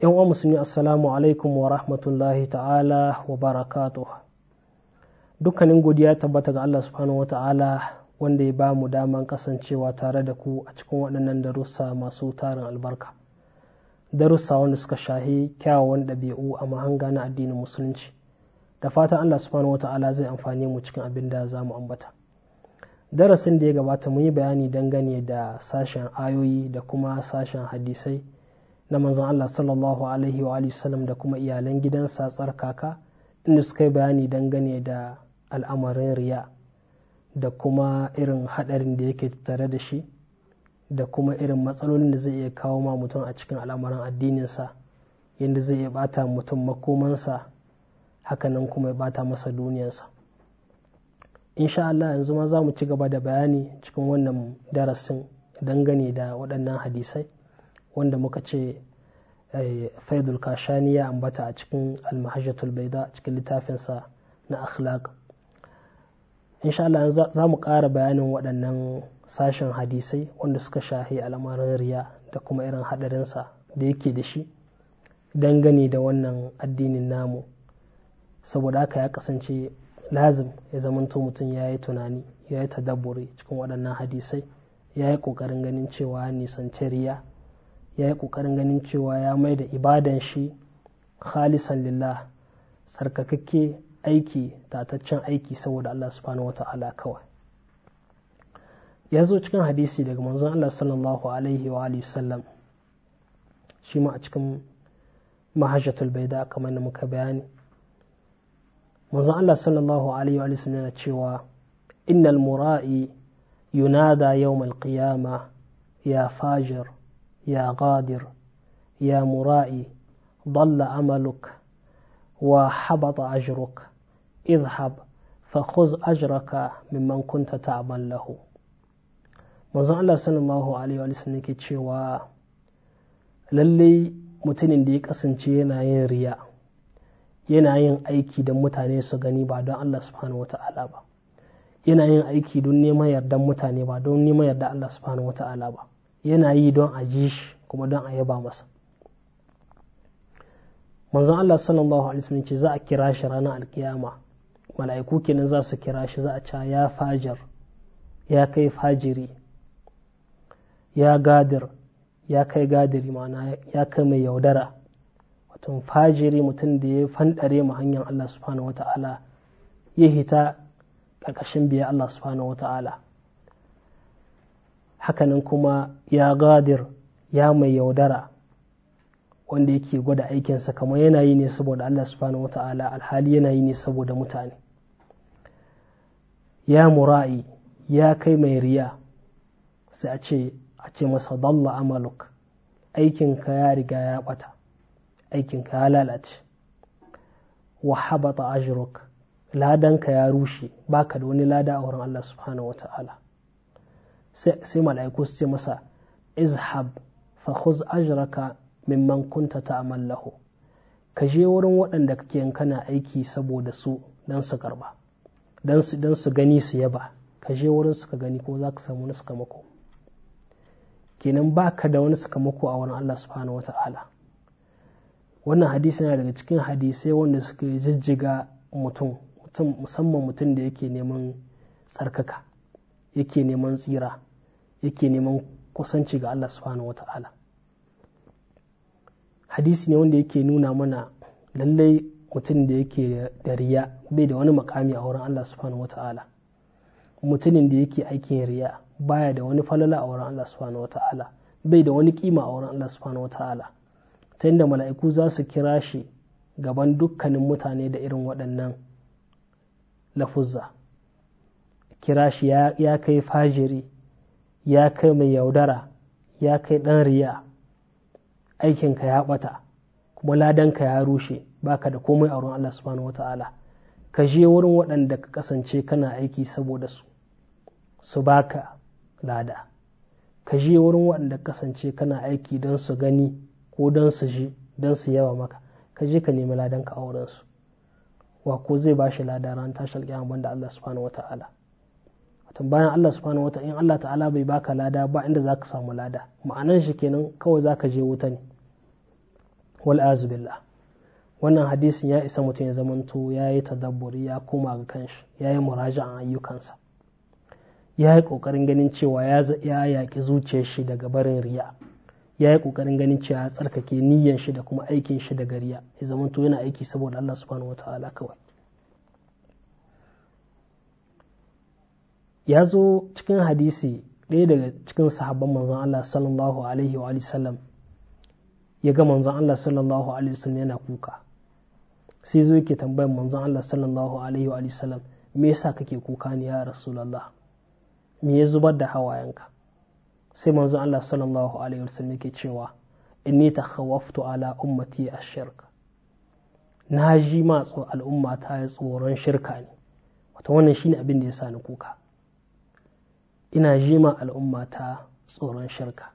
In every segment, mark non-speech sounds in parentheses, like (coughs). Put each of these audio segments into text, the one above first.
yan uwa musulmi assalamu alaikum wa rahmatullahi ta'ala wa barakatu dukkanin godiya tabbata ga Allah subhanahu wa ta'ala wanda ya ba mu daman kasancewa tare da ku a cikin waɗannan darussa masu tarin albarka darussa wanda suka shahi kyawawan ɗabi'u a mahanga na addinin musulunci da fatan Allah subhanahu wa ta'ala zai amfani mu cikin abin da za mu ambata darasin da ya gabata mun yi bayani dangane da sashen ayoyi da kuma sashen hadisai na manzon Allah sallallahu alaihi wa sallam da kuma iyalan gidansa tsarkaka inda suka yi bayani dangane da al'amarin riya da kuma irin haɗarin da yake tare da shi da kuma irin matsalolin da zai iya kawo ma mutum a cikin al'amarin addininsa yadda zai iya bata mutum makomansa hakanan kuma ya bata masa duniyarsa insha Allah yanzu ma za mu ci gaba da bayani cikin wannan darasin dangane da waɗannan hadisai wanda muka ce eh, faidul kashani ya ambata a cikin almahajjatul baida cikin littafinsa na akhlaq insha Allah za mu ƙara bayanin waɗannan sashen hadisai wanda suka shahi al'amarin riya da kuma irin haɗarinsa da yake da shi dangane da wannan addinin namu saboda haka ya kasance lazim ya zamanto mutum ya yi tunani ya yi tadabburi cikin waɗannan hadisai ya yi ƙoƙarin ganin cewa nisanci riya ya yi ƙoƙarin ganin cewa ya mai da ibadan shi khalisan lillah sarkakakke aiki tataccen aiki saboda Allah subhanahu wata'ala kawai ya zo cikin hadisi daga manzon Allah sallallahu alaihi wa alihi sallam shi ma a cikin mahajjatul baida kamar da muka bayani manzon Allah sallallahu alaihi wa alihi sallam yana cewa innal mura'i yunada yawmal qiyama ya fajir يا غادر يا مرائي ضل أملك وحبط أجرك اذهب فخذ أجرك ممن كنت تعمل له manzon Allah sallallahu alaihi wa sallam yake cewa lallai mutumin da ya kasance yana yin riya yana yin aiki don mutane su gani ba don Allah subhanahu wa ta'ala ba yana yin aiki don neman yardan mutane ba don neman yarda Allah subhanahu wa ta'ala ba yana yi don a ji shi kuma don a yaba masa manzon Allah sallallahu alaihi wasallam ce za a kira shi ranar alkiyama mala'iku kenan za su kira shi za a ca ya fajar ya kai fajiri ya gadir ya kai gadiri ma'ana ya kai mai yaudara wato fajiri mutum da ya fandare mu hanyar Allah subhanahu wata'ala ya hita ƙarƙashin biya Allah subhanahu wata'ala hakanan kuma ya gadir ya mai yaudara wanda yake gwada aikinsa kamar yana yi ne saboda Allah subhanahu wa ta'ala alhali yana yi ne saboda mutane ya mura'i ya kai mai riya sai a ce a ce masa dalla amaluk aikinka ya riga ya bata aikinka ya lalace wa habata ajruk ladanka ya rushe baka da wani lada a wurin Allah subhanahu wa ta'ala sai mala'iku su ce masa izhab fa khuz ajraka mimman kunta ta'mal lahu ka je wurin waɗanda kake kana aiki saboda su dan su karba dan su dan su gani su yaba ka je wurin su ka gani ko za ka samu wani sakamako kenan ba ka da wani sakamako a wurin Allah subhanahu wata'ala wannan hadisi yana daga cikin hadisai wanda suka jijjiga mutum musamman mutum da yake neman tsarkaka yake neman tsira yake neman kusanci ga Allah subhanahu wata'ala hadisi ne wanda yake nuna mana lallai mutum da yake da riya bai da wani makami a wurin Allah subhanahu wata'ala mutumin da yake aikin riya baya da wani falala a wurin Allah subhanahu wata'ala bai da wani kima a wurin Allah subhanahu wata'ala ta yadda mala'iku za su kira shi gaban dukkanin mutane da irin waɗannan lafuzza kira shi ya kai fajiri ya kai mai yaudara ya kai ɗan riya aikinka ya ɓata kuma ladanka ya rushe baka da komai a wurin Allah subhanahu wata'ala ka je wurin waɗanda ka kasance kana aiki saboda su su baka lada ka je wurin waɗanda ka kasance kana aiki don su gani ko don su ji don su yawa maka ka je ka nemi ladanka a wurinsu wa ko zai ba shi lada ran tashar kyamun da Allah subhanahu wata'ala bayan Allah subhanahu wata in Allah ta'ala bai baka lada ba inda za ka samu lada ma'anan shi kenan kawai za ka je wuta ne wal billah wannan hadisin ya isa mutum ya zamanto ya yi tadabburi ya koma ga kanshi ya yi a ayyukansa ya yi ƙoƙarin ganin cewa ya yaƙi zuciyar shi daga barin riya ya yi ƙoƙarin ganin cewa ya tsarkake niyyar shi da kuma aikin shi daga riya ya zamanto yana aiki saboda Allah subhanahu wataala kawai ya zo cikin hadisi ɗaya daga cikin sahabban manzon Allah sallallahu alaihi wa sallam ya ga manzon Allah sallallahu alaihi wa sallam yana kuka sai zo yake tambayar manzon Allah sallallahu alaihi wa sallam me yasa kake kuka ni ya rasulullah me ya zubar da hawayenka sai manzon Allah sallallahu alaihi wa sallam yake cewa inni takhawaftu ala ummati ash-shirk na ji matso al'umma ta tsoron shirka ne wato wannan shine abin da ya sa ni kuka ina jima al'umma ta tsoron shirka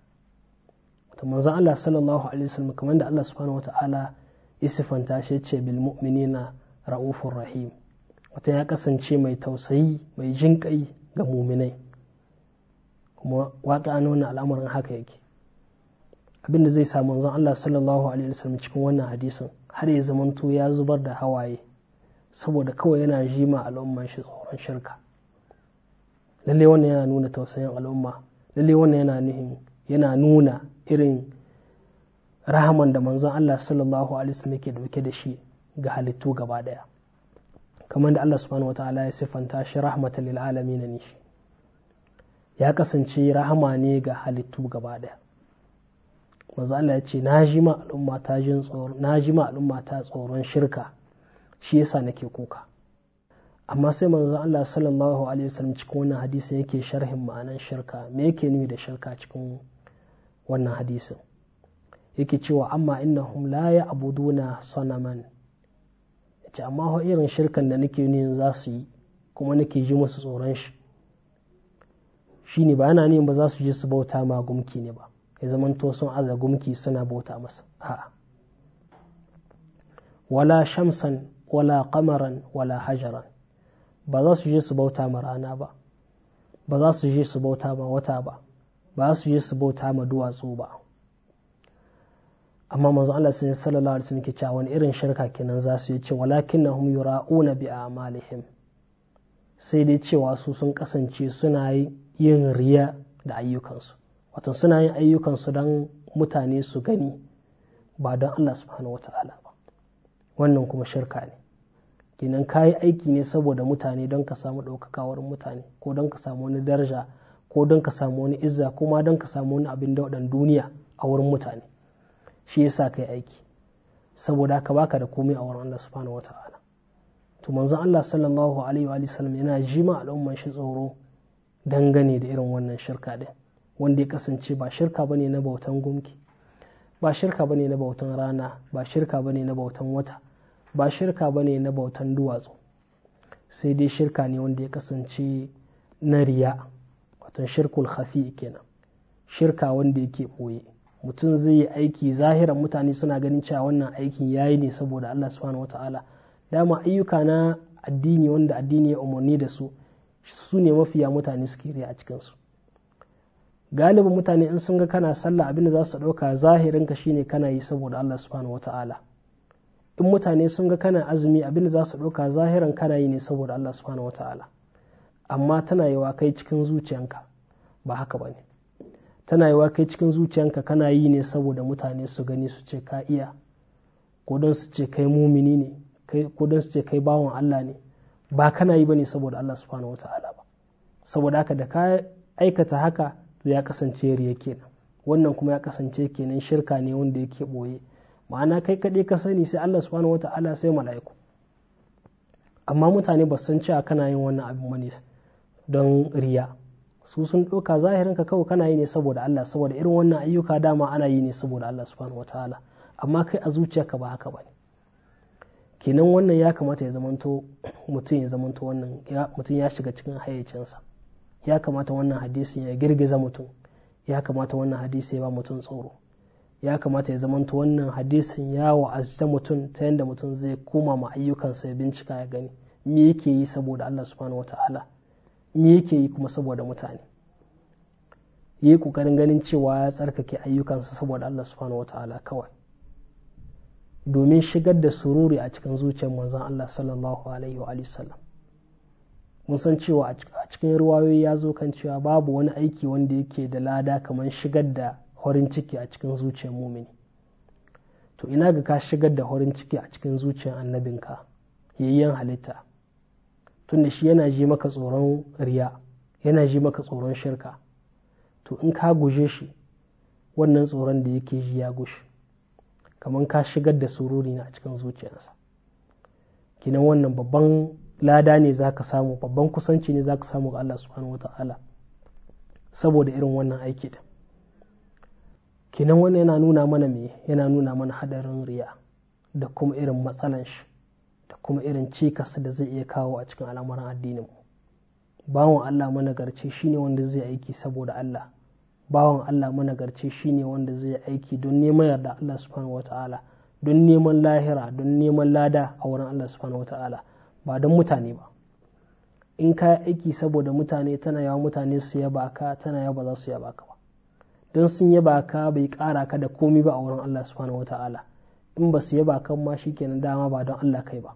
to manzon Allah sallallahu alaihi wasallam kamar da Allah subhanahu wata'ala ya sifanta shi ce bil mu'minina ra'ufur rahim wata ya kasance mai tausayi mai jinƙai ga muminai kuma waƙa nuna al'amarin haka yake abin da zai sa manzon Allah sallallahu alaihi wasallam cikin wannan hadisin har ya zamanto ya zubar da hawaye saboda kawai yana jima al'umman shi tsoron shirka lalle wannan yana nuna tausayin al'umma lalle wannan yana yana nuna irin rahaman da manzon Allah sallallahu alaihi wasallam yake dauke da shi ga halittu gaba daya kamar da Allah subhanahu wataala ya siffanta shi rahmatan lil alamin ne shi ya kasance rahama ne ga halittu gaba daya manzon Allah ya ce na al'umma ta jin tsoro najima al'umma ta tsoron shirka shi yasa nake kuka amma sai manzo Allah sallallahu alaihi wasallam cikin wannan hadisin yake sharhin ma'anan shirka me yake nufi da shirka cikin wannan hadisin yake cewa amma innahum la ya'buduna sanaman yace amma ho irin shirkan da nake ni za su yi kuma nake ji musu tsoron shi shine ba yana ne ba za su je su bauta ma gumki ne ba ya zamanto sun aza gumki suna bauta masa a'a wala shamsan wala qamaran wala hajaran ba za su je su bauta ma rana ba ba za su je su bauta ma wata ba ba za su je su bauta ma duwatsu ba amma manzo Allah sun sallallahu alaihi wasallam ke cewa wani irin shirka kenan za su yi ce walakinnahum yura'una bi amalihim sai dai cewa su sun kasance suna yin riya da ayyukansu wato suna yin ayyukansu don mutane su gani ba don Allah subhanahu wata'ala ba wannan kuma shirka ne kenan ka yi aiki ne saboda mutane don ka samu ɗaukakawar mutane ko don ka samu wani daraja ko don ka samu wani izza ko ma don ka samu wani abin waɗanda duniya a wurin mutane shi yasa ka yi aiki saboda ka baka da komai a wurin Allah subhanahu ta'ala to manzon Allah sallallahu alaihi wa sallam yana jima al'umman shi tsoro dangane da irin wannan shirka din wanda ya kasance ba shirka bane na bautan gumki ba shirka bane na bautan rana ba shirka bane na bautan wata ba shirka ba ne na bautan duwatsu sai dai shirka ne wanda ya kasance na riya watan shirkul hafi kenan shirka wanda yake ɓoye mutum zai yi aiki zahiran mutane suna ganin cewa wannan aikin ya yi ne saboda allah subhanahu wataala dama ayyuka na addini wanda addini ya umarni da su su ne mafiya mutane suke riya a cikinsu galibin mutane in sun ga kana sallah abin da za su ɗauka zahirinka shine kana yi saboda allah subhanahu wataala in mutane sun ga kana azumi abin da za su ɗauka zahiran kana yi ne saboda Allah subhanahu wa ta'ala amma tana yi wa kai cikin zuciyanka ba haka ba ne tana wa kai cikin zuciyanka kana yi ne saboda mutane su gani su ce ka iya ko don su ce kai mumini ne ko don su ce kai bawan Allah ne ba kana yi ba ne saboda Allah subhanahu wa ta'ala ba saboda haka da ka aikata haka to ya kasance riya wannan kuma ya kasance kenan shirka ne wanda yake boye ma'ana kai kaɗai ka sani sai Allah subhanahu wata'ala sai mala'iku amma mutane ba san cewa kana yin wannan abin ne don riya su sun ɗauka zahirin ka kawai kana yi ne saboda Allah saboda irin wannan ayyuka dama ana yi ne saboda Allah subhanahu wata'ala amma kai a zuciyarka ba haka ba ne kenan wannan ya kamata ya zamanto (coughs) mutum ya zamanto wannan mutum ya shiga cikin hayyacinsa ya kamata wannan hadisin ya girgiza mutum ya kamata wannan hadisi ya ba mutum tsoro ya kamata ya zamanta wannan hadisin ya wa wa'azta mutum ta yadda mutum zai koma ma ayyukansa ya bincika ya gani me yake yi saboda Allah subhanahu wata'ala me yake yi kuma saboda mutane yi kokarin ganin cewa ya tsarkake ayyukansa saboda Allah subhanahu wata'ala kawai domin shigar da sururi a cikin zuciyar manzon Allah sallallahu alaihi wa sallam mun san cewa a cikin ruwayoyi ya zo kan cewa babu wani aiki wanda yake da lada kamar shigar da horin ciki a cikin zuciyar mumini to ina ga ka shigar da horin ciki a cikin zuciyar annabinka yayyen halitta Tun da shi yana ji maka tsoron riya yana ji maka tsoron shirka to in ka guje shi wannan tsoron da yake ji ya gushe kamar ka shigar da sururi na a cikin zuciyarsa kinan wannan babban lada ne za ka samu babban kusanci ne za ka samu ga Allah subhanahu wa ta'ala saboda irin wannan aiki da kinan wannan yana nuna mana me yana nuna mana hadarin riya da kuma irin matsalan shi da kuma irin cikas da zai iya kawo a cikin al'amuran addinin mu bawan Allah managarci shine wanda zai aiki saboda Allah bawan Allah managarci shine wanda zai aiki don neman yarda Allah subhanahu wataala don neman lahira don neman lada a wurin Allah subhanahu wataala ba don mutane ba in ka aiki saboda mutane tana yawa mutane su yaba ka tana yawa ba za su yaba ka don sun yaba ka bai ƙara ka da komi ba a wurin Allah subhanahu wata'ala in ba su yaba kan ma shi kenan dama ba don Allah kai ba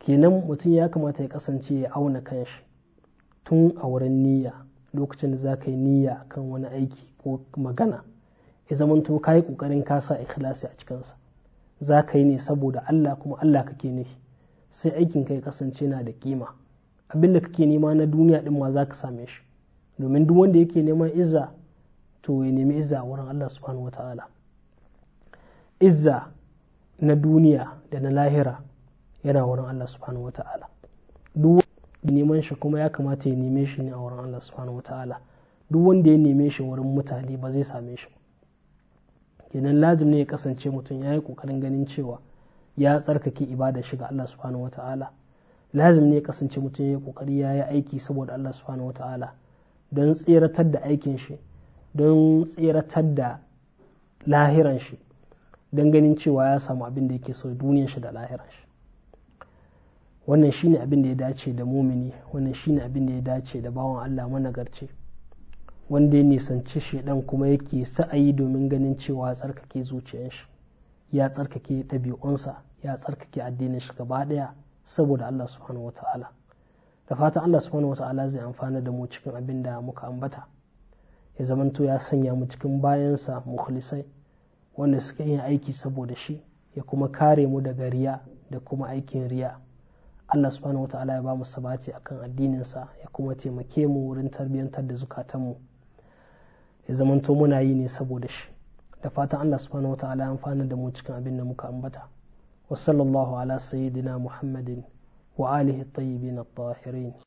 kenan mutum ya kamata ya kasance ya auna kan shi. tun a wurin niyya lokacin da za ka yi niyya kan wani aiki ko magana ya to ka yi ƙoƙarin kasa ikhlasi a cikinsa za ka yi ne saboda Allah kuma Allah kake nufi sai aikin ka ya kasance na da kima abin da kake nema na duniya din ma za ka same shi domin duk wanda yake neman izza to ya nemi izza wurin Allah subhanahu wa ta'ala izza na duniya da na lahira yana wurin Allah subhanahu wa ta'ala duk neman shi kuma ya kamata ya neme shi ne a wurin Allah subhanahu wa ta'ala duk wanda ya neme shi wurin mutane ba zai same shi kenan lazim ne ya kasance mutum ya yi kokarin ganin cewa ya tsarkake ibada shi ga Allah subhanahu wa ta'ala lazim ne ya kasance mutum ya yi kokari ya yi aiki saboda Allah subhanahu wa ta'ala don tseratar da aikin shi don tseratar da lahiran shi don ganin cewa ya samu abin da yake so duniyar shi da lahiran shi wannan shi ne abin da ya dace da mumini wannan shi ne abin da ya dace da bawan Allah managarci wanda ya nisanci dan kuma yake sa'ayi domin ganin cewa ya tsarkake zuciyar shi ya tsarkake ɗabi'unsa ya tsarkake addinin shi gaba ɗaya saboda Allah subhanahu ta'ala da fatan Allah subhanahu ta'ala zai amfana da mu cikin abin da muka ambata ya zamanto ya sanya mu cikin bayansa mukhlisai wanda suka yin aiki saboda shi ya kuma kare mu daga riya da kuma aikin riya Allah subhanahu wata'ala ya ba mu sabati akan addininsa ya kuma taimake mu wurin tarbiyyantar da mu ya zamanto muna yi ne saboda shi da fatan Allah subhanahu wata'ala ya amfana da mu cikin abin da muka ambata wa sallallahu ala sayyidina muhammadin wa alihi tayyibin at-tahirin